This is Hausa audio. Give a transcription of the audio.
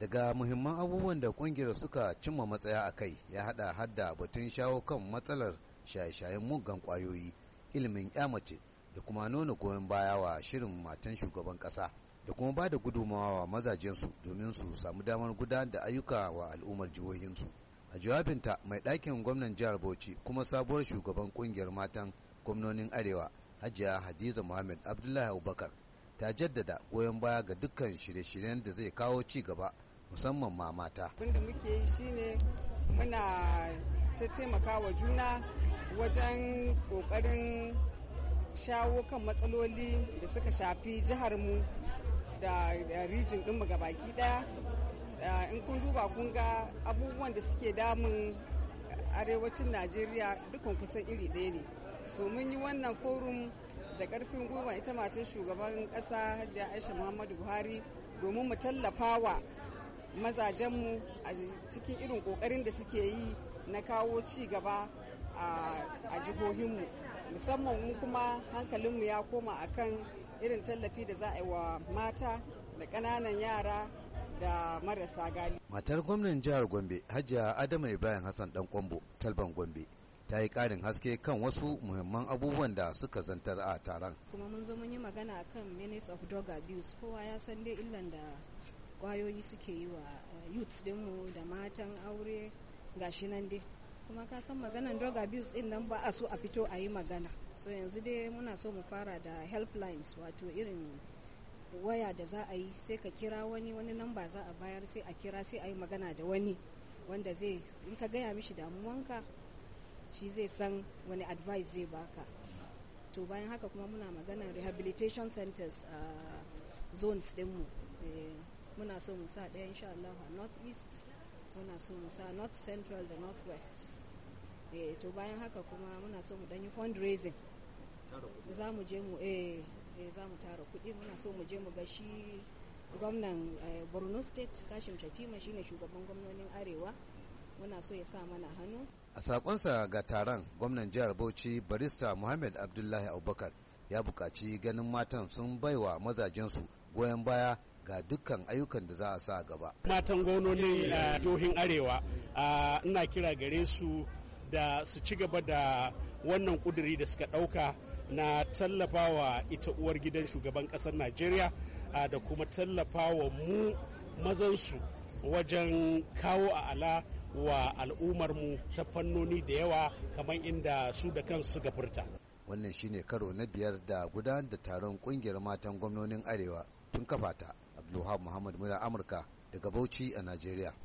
daga muhimman abubuwan da kungiyar suka cimma matsaya a kai ya hada hadda batun shawo kan matsalar shaye-shayen muggan kwayoyi ilimin mace da kuma nuna goyon baya wa shirin matan shugaban kasa da kuma ba da gudunmawa wa mazajensu domin su samu damar gudanar da ayyuka wa al'ummar jihohinsu a jawabinta mai ɗakin gwamnan jihar bauchi kuma sabuwar shugaban kungiyar matan gwamnonin arewa hajiya hadiza muhammad abdullahi abubakar ta jaddada goyon baya ga dukkan shirye-shiryen da zai kawo ci gaba musamman ma mata. Abinda muke yi shine muna ta taimaka wa juna wajen ƙoƙarin shawo kan matsaloli da suka shafi jihar mu da rijin ɗinmu ga baki ɗaya. In kun duba kun ga abubuwan da suke damun arewacin Najeriya dukan kusan iri ɗaya ne. So mun yi wannan forum da ƙarfin gwiwa ita matan shugaban ƙasa Hajiya Aisha Muhammadu Buhari domin mu tallafa wa mazajenmu a cikin irin kokarin da suke yi na kawo ci gaba a jihohinmu musamman mu kuma hankalinmu ya koma akan irin tallafi da za a yi wa mata da ƙananan yara da marasa gali. Matar gwamnan jihar Gombe, adama Adamu bayan Hassan Dan Kwambo, Talban Gombe, ta yi ƙarin haske kan wasu muhimman abubuwan da suka zantar a taron. Kuma mun zo mun yi magana kan minutes of Dog Abuse, kowa ya san dai illan da kwayoyi suke yi wa eh, youths mu da matan aure gashi nan dai kuma ka san maganan drug abuse din nan ba a so a fito a yi magana so yanzu dai muna so mu fara da helplines wato irin waya da za a yi sai ka kira wani wani namba za a bayar sai a kira sai a yi magana da wani wanda zai in ka gaya mishi damuwanka shi zai san wani advice zai baka to bayan haka kuma muna magana rehabilitation centers a ah, zones dinmu eh, muna so mu sa ɗaya insha Allah north east muna so mu sa north central da north west eh to bayan haka kuma muna so mu ɗan yi fundraising za mu je mu eh, eh za mu tara kuɗi muna so mu je mu ga shi gwamnan eh, borno state kashim shatima shine shugaban gwamnonin arewa muna so ya sa mana hannu a sakonsa ga taron gwamnan jihar bauchi barista muhammad abdullahi abubakar ya buƙaci ganin matan sun baiwa mazajensu goyon baya ga dukkan ayyukan da za a sa gaba. Matan a eh, jihohin Arewa eh, ina kira gare su da su ci gaba da wannan kuduri da suka ɗauka na tallafawa ita uwar gidan shugaban kasar Najeriya eh, da kuma tallafawa mu mazansu wajen kawo a ala wa mu ta fannoni da yawa kamar inda su da kansu suka furta. Wannan shine karo na biyar da gudanar da taron kungiyar matan gwamnonin Arewa tun kafata. luhab Muhammad muna Amurka daga Bauchi a Najeriya.